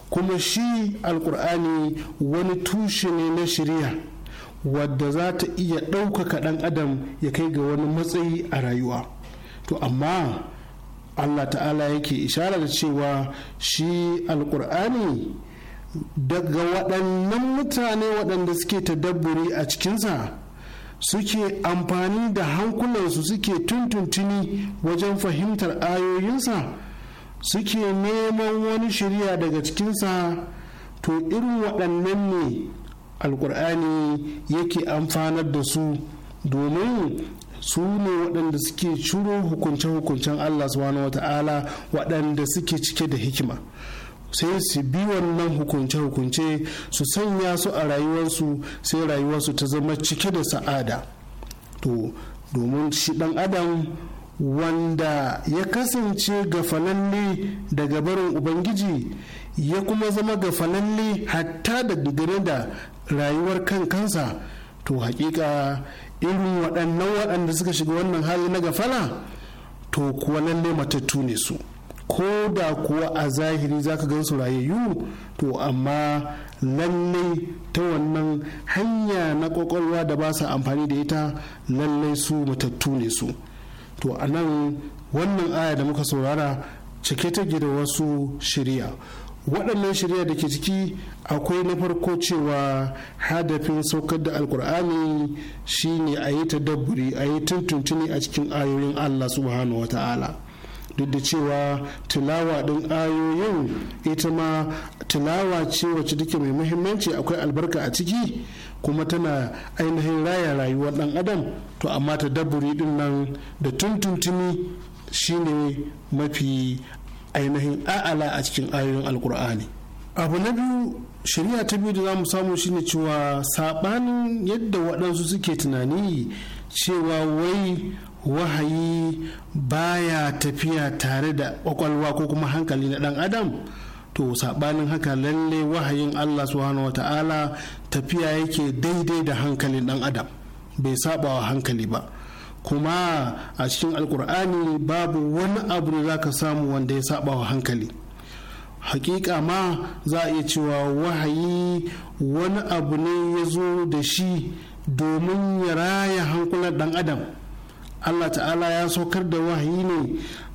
kuma shi alkur'ani wani tushe ne na shirya wadda za ta iya ɗaukaka ɗan adam ya kai ga wani matsayi a rayuwa to amma allah ta'ala yake ishara da cewa shi alkur'ani daga waɗannan mutane waɗanda suke tadabburi a cikinsa suke amfani da hankulansu suke tuntuntuni wajen fahimtar ayoyinsa suke neman wani shirya daga cikinsa to irin waɗannan ne alkur'ani yake amfanar da su domin su ne waɗanda suke ciro hukunce-hukuncen allah subhanahu ta'ala waɗanda suke cike da hikima sai su bi wannan hukunce-hukunce su sanya su a rayuwarsu sai rayuwarsu ta zama cike da sa'ada to domin shi dan adam wanda ya kasance ga falalle daga barin ubangiji ya kuma zama gafalalle hatta da digire da rayuwar kan kansa to hakika irin waɗannan waɗanda suka shiga wannan hali na gafala to kuwa lalle matattu ne su. ko da kuwa a zahiri za ka gan su rayayyu to amma lallai ta wannan hanya na kwakwalwa da ba su amfani da ita lallai su matattu ne su to a nan wannan aya da muka saurara cike ta da wasu shirya waɗannan shirya da ke ciki akwai na farko cewa hadafin saukar da alkur'ani shine a yi ta dabburi a yi tuntuntuni a cikin ayoyin allah subhanahu wa ta'ala duk da cewa tilawa din ayoyin ita ma tilawa ce wacce take mai muhimmanci akwai albarka a ciki kuma tana ainihin raya rayuwar dan adam to amma ta daburi din nan da tuntuntuni shine mafi ainihin a'ala a cikin ayoyin alkur'ani abu na biyu shari'a ta biyu da za mu samu shine cewa saɓanin yadda waɗansu suke tunani cewa wai wahayi baya tafiya tare da kwakwalwa ko kuma hankali na dan adam to sabanin haka lalle wahayin allah subhanahu wa ta'ala tafiya yake daidai da hankalin dan adam bai saba wa hankali ba kuma a cikin alkur'ani babu wani abu da zaka samu wanda ya saba wa hankali hakika ma za a iya cewa wahayi wani abu ne ya zo da shi domin ya raya hankulan dan adam allah ta'ala ya saukar da wahayi ne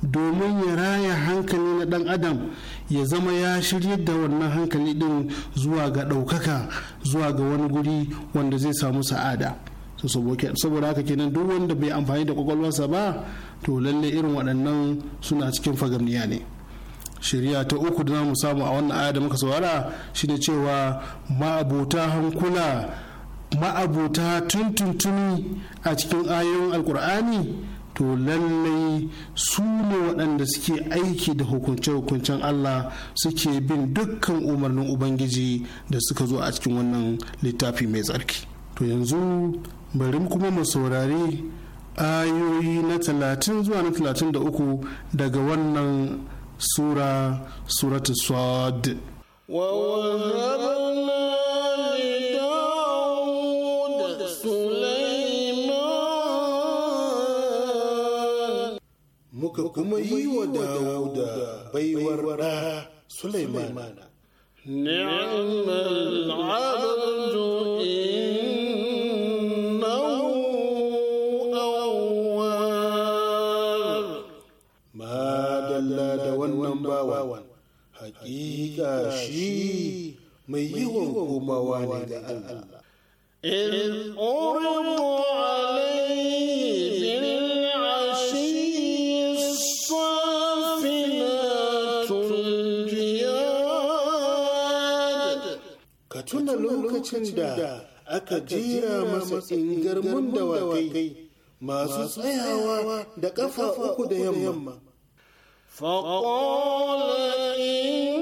domin ya raya hankali na ɗan adam ya zama ya shirya da wannan hankali din zuwa ga ɗaukaka zuwa ga wani guri wanda zai samu sa'ada saboda haka kenan duk wanda bai amfani da kwakwalwarsa ba to lalle irin waɗannan suna cikin fagamniya ne shirya ta uku da za mu samu a wannan aya da muka saurara shine cewa ma'abota hankula ma'abuta tuntuntuni a cikin ayoyin alkur'ani to lallai su ne waɗanda suke aiki da hukunce-hukuncen Allah suke bin dukkan umarnin Ubangiji da suka zo a cikin wannan littafi mai tsarki. To yanzu bari kuma mu saurari ayoyi na talatin zuwa na talatin da uku daga wannan sura suratu sad. ka kuma yi wa Dawuda baiwar ɗa Sulaimana. Ni'mal abdu innahu awwab. Madalla da wannan bawan, hakika shi mai wa komawa ne ga Allah. إذ أرض عليه ka tuna lokacin da aka jera masa ingarmun dawakai masu tsayawa da ƙafa uku da yamma. فقال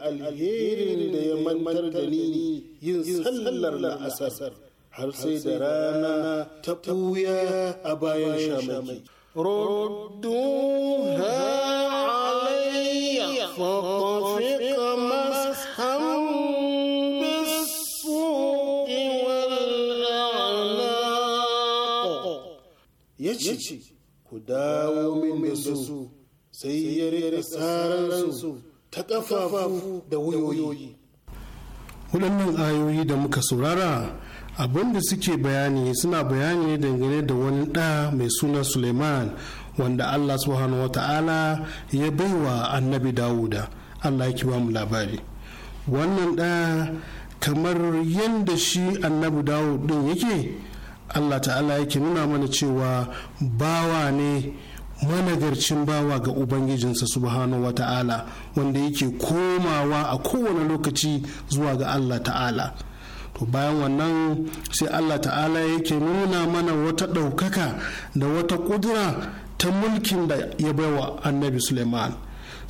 da alherin da ya mantar da ni yin sallar la'asar har sai da rana ta ɓuya a bayan shamai. ردوها علي فطفق مسحا بالسوق والأعناق ku dawo min da su sai ya rera tsaransu ta ƙafafu da wuyoyi waɗannan ayoyi da muka saurara abin da suke bayani suna bayani dangane da wani ɗa mai suna suleiman wanda allah subhanahu wa ta'ala ya baiwa annabi dawuda allah ya ba mu labari wannan ɗa kamar yadda shi annabi dawud ɗin yake allah ta'ala yake nuna mana cewa bawa ne managarcin bawa ga ubangijinsa subhanahu wa ta'ala wanda yake komawa a kowane lokaci zuwa ga allah ta'ala to bayan wannan sai allah ta'ala yake nuna mana wata ɗaukaka da wata ƙudura ta mulkin da ya baiwa annabi suleiman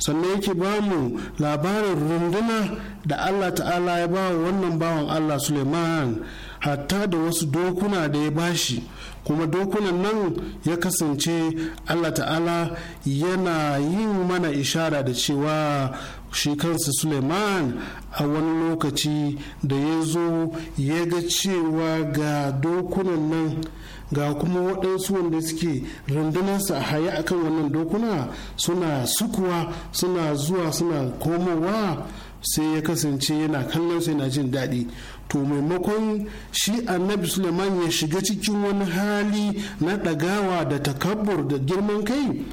sannan yake ba mu labarin runduna da allah ta'ala ya ba wannan bawan allah suleiman hatta da wasu dokuna da ya bashi kuma dokunan nan ya kasance allah ta'ala yana yin mana ishara da cewa shi kansa suleiman a wani lokaci da ya zo ya ga cewa ga dokunan nan ga kuma waɗansu wanda suke rundunarsa a haya akan wannan dokuna suna sukuwa suna zuwa suna komowa sai ya kasance yana kallon sai na jin daɗi to maimakon shi annabi suleiman ya shiga cikin wani hali na ɗagawa da takabbur da girman kai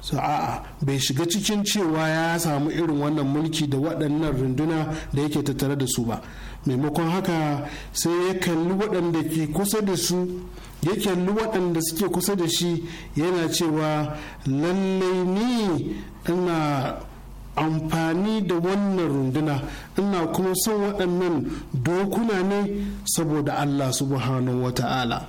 so a'a bai shiga cikin cewa ya samu irin wannan mulki da waɗannan runduna da yake tattare da su ba maimakon haka sai ya kalli waɗanda ke kusa da su ya kalli waɗanda suke kusa da shi yana cewa lallai ni ina amfani da wannan runduna ina kuma son waɗannan dokuna ne saboda Allah subhanahu wa ta'ala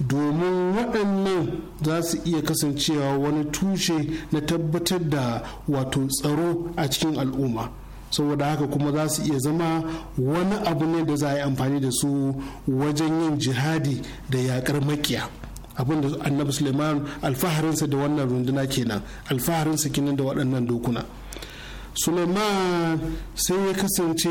domin waɗannan za su iya kasancewa wani tushe na tabbatar da wato tsaro a cikin al'umma saboda haka kuma za su iya zama wani abu ne da za a yi amfani da su wajen yin jihadi da yaƙar makiya. abinda annabi suleiman alfaharinsa da wannan runduna kenan alfaharinsa kenan da waɗannan dokuna suleiman sai ya kasance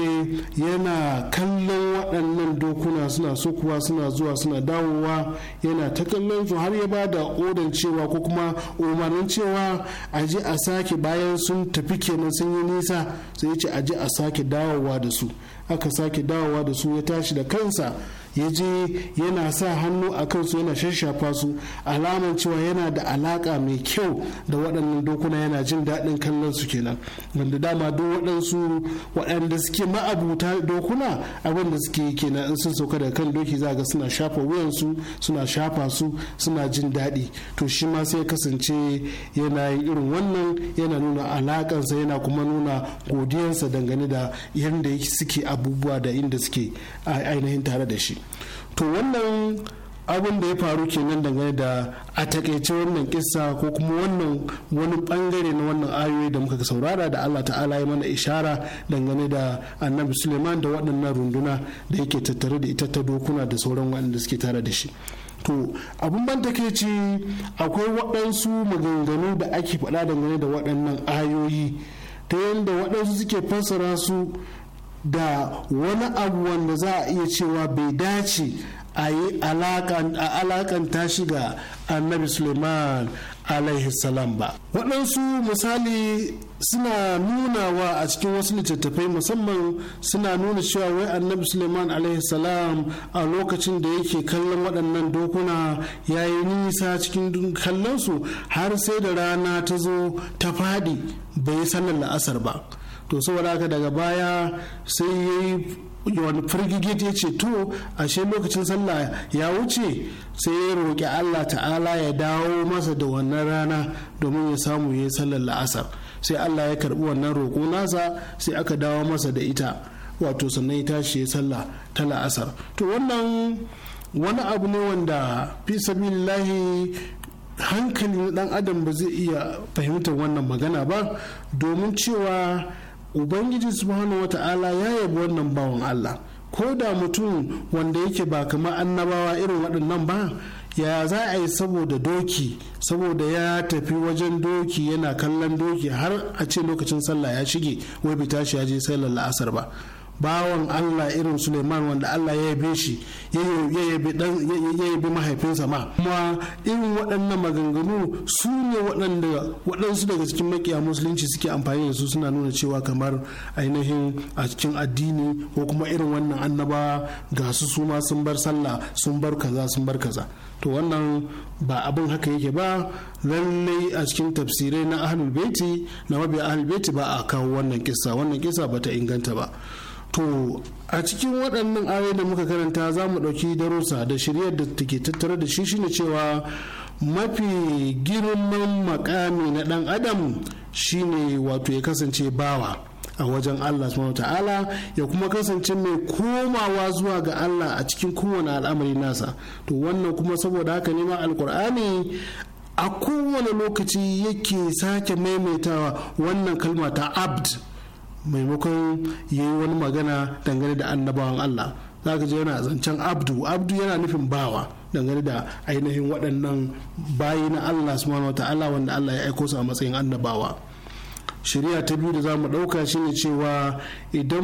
yana kallon waɗannan dokuna suna sukuwa suna zuwa suna dawowa yana ta kallon su har ya ba da odan cewa ko kuma umarnin cewa a je a sake bayan sun tafi kenan sun yi nisa sai ya ce a ji a sake dawowa da su aka sake dawowa da su ya tashi da kansa ya je yana sa hannu a kansu yana shashafa su alaman cewa yana da alaka mai kyau da waɗannan dokuna yana jin daɗin kallon su kenan wanda dama duk waɗansu waɗanda suke ma'abuta dokuna abin da suke kenan in sun sauka da kan doki za ga suna shafa wuyansu suna shafa su suna jin daɗi to shi ma sai kasance yana yin irin wannan yana nuna alakansa yana kuma nuna godiyarsa dangane da yadda suke abubuwa da inda suke ainihin tare da shi to wannan abin da ya faru kenan dangane da a takaice wannan kissa ko kuma wannan wani bangare na wannan ayoyi da muka saurara da Allah ta'ala ya mana ishara dangane da annabi suleiman da waɗannan runduna da yake tattare da ita ta dokuna da sauran waɗanda suke tare da shi to abin ban takaici akwai waɗansu maganganu da ake faɗa dangane da waɗannan ayoyi ta yadda waɗansu suke fassara su da wani abu wanda za a iya cewa bai dace a yi alakanta shi ga annabi suleiman salam ba waɗansu misali suna nunawa a cikin wasu littattafai musamman suna nuna cewa wai annabi suleiman salam a lokacin da yake kallon waɗannan dokuna ya yi nisa cikin kallonsu har sai da rana ta zo ta faɗi bai yi la'asar ba to saboda haka daga baya sai ya yi wani firgigit ce to ashe lokacin sallah ya wuce sai ya roƙi allah ta'ala ya dawo masa da wannan rana domin ya samu ya yi sallar la'asar sai allah ya karbi wannan roƙo nasa sai aka dawo masa da ita wato sannan ya tashi ya sallah ta la'asar to wannan wani abu ne wanda fi sabilillahi hankali na dan adam ba zai iya fahimtar wannan magana ba domin cewa ubangiji subhanahu wata'ala ya yabi wannan bawan allah ko da mutum wanda yake ba kamar annabawa irin waɗannan ba ya za a yi saboda doki saboda ya tafi wajen doki yana kallon doki har a ce lokacin sallah ya shige wai bai tashi ya je sallar la'asar ba bawan Allah irin Suleiman wanda Allah ya yabe shi ya yabe mahaifinsa ma kuma irin waɗannan maganganu su ne waɗanda waɗansu daga cikin makiya musulunci suke amfani da su suna nuna cewa kamar ainihin a cikin addini ko kuma irin wannan annaba ga su su ma sun bar sallah sun bar kaza sun bar kaza to wannan ba abin haka yake ba lallai a cikin tafsirai na ahlul baiti na mabiya ahlul baiti ba a kawo wannan kisa wannan kisa bata inganta ba to a cikin waɗannan ayoyi da muka karanta za mu ɗauki darusa da shiryar da take tattare da shi shine cewa mafi girman makami na ɗan adam shine wato ya kasance bawa a wajen Allah subhanahu ta'ala ya kuma kasance mai komawa zuwa ga Allah a cikin kowane al'amari nasa to wannan kuma saboda haka ne ma alkur'ani a kowane lokaci yake sake maimaitawa wannan kalma ta abd maimakon ya yi wani magana dangane da annabawan Allah za ka je yana zancen abdu abdu yana nufin bawa dangane da ainihin waɗannan bayi na Allah subhanahu ta'ala wanda Allah ya aiko su a matsayin annabawa shari'a ta biyu da za mu ɗauka shine cewa idan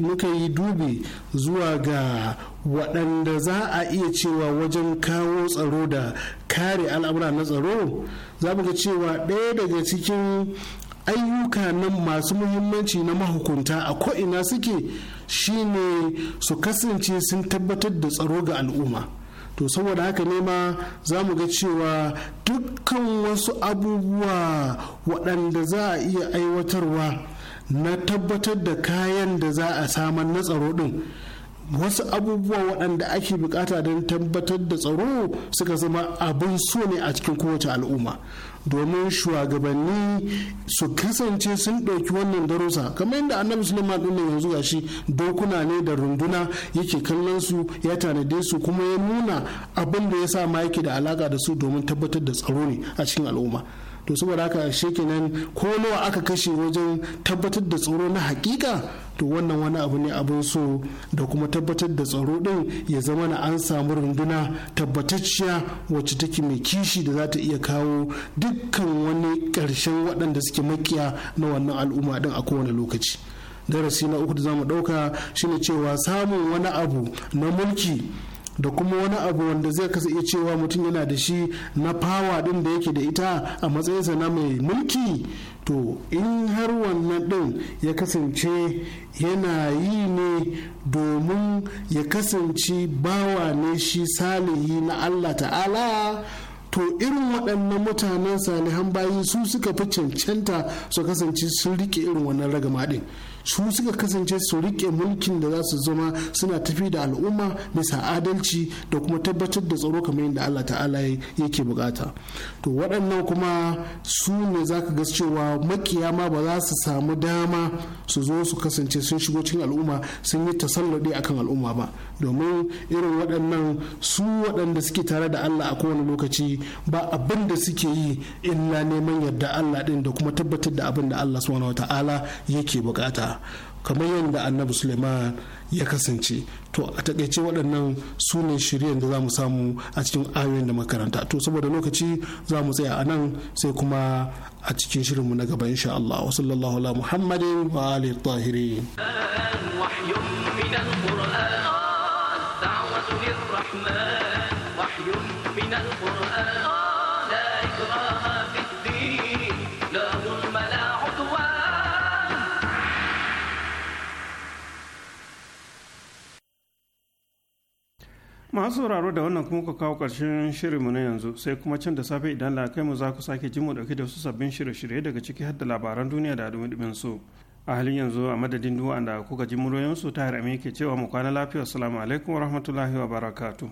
muka yi dubi zuwa ga waɗanda za a iya cewa wajen kawo tsaro da kare al'amura na tsaro za mu ga cewa ɗaya daga cikin ayyuka nan masu muhimmanci na mahukunta a ko'ina suke shine su kasance sun tabbatar da tsaro ga al'umma to saboda haka ne ma za mu ga cewa dukkan wasu abubuwa waɗanda za a iya aiwatarwa na tabbatar da kayan da za a samar na tsaro ɗin wasu abubuwa waɗanda ake bukata don tabbatar da tsaro suka zama abin so ne a cikin kowace al'umma domin shugabanni su kasance sun ɗauki wannan darusa. kamar yadda annabi suleiman ɗin yanzu ga gashi dokuna ne da runduna yake kallon su ya tanade su kuma ya nuna abin da ya sa ma yake da alaka da su domin tabbatar da tsaro ne a cikin al'umma to saboda haka shekenan ko nawa aka kashe wajen tabbatar da tsaro na hakika to wannan wani abu ne abin so da kuma tabbatar da tsaro din ya zama na an samu runduna tabbatacciya wacce take mai kishi da za ta iya kawo dukkan wani ƙarshen waɗanda suke makiya na wannan al'umma din a kowane lokaci darasi na uku da za mu ɗauka shine cewa samun wani abu na mulki da kuma wani abu wanda zai kasa iya cewa mutum yana da shi na fawa din da yake da ita a matsayinsa na mai mulki to in har wannan din ya kasance yana yi ne domin ya kasance bawa ne shi salihi na allah ta'ala to irin waɗannan mutanen salihan bayi su suka fi cancanta su kasance sun rike irin wannan ragama su suka kasance su rike mulkin da za su zama suna tafi da al'umma bisa adalci da kuma tabbatar da tsaro kamar yadda Allah ta'ala yake bukata to waɗannan kuma su ne za ka ga cewa makiyama ba za su samu dama su zo su kasance sun shigo cikin al'umma sun yi tasallade akan al'umma ba domin irin waɗannan su waɗanda suke tare da Allah a kowane lokaci ba abin da suke yi illa neman yadda Allah ɗin da kuma tabbatar da abin da Allah subhanahu wata'ala yake bukata kamar yadda annabi Suleiman ya kasance to a takaice waɗannan su ne shiryen da za mu samu a cikin ayoyin da makaranta to saboda lokaci za mu tsaya a nan sai kuma a cikin shirinmu na gaba insha Allah wa sallallahu ala muhammadin wa alihi masu sauraro da wannan kuma ka kawo ƙarshen shirinmu na yanzu sai kuma can da safe idan kai mu za ku sake ji mu dauke da wasu sabbin shirye-shirye daga ciki har da labaran duniya da dumi su a halin yanzu a madadin duwa da kuka ji muryoyinsu ta harami ke cewa mu kwana lafiya assalamu alaikum wa barakatu.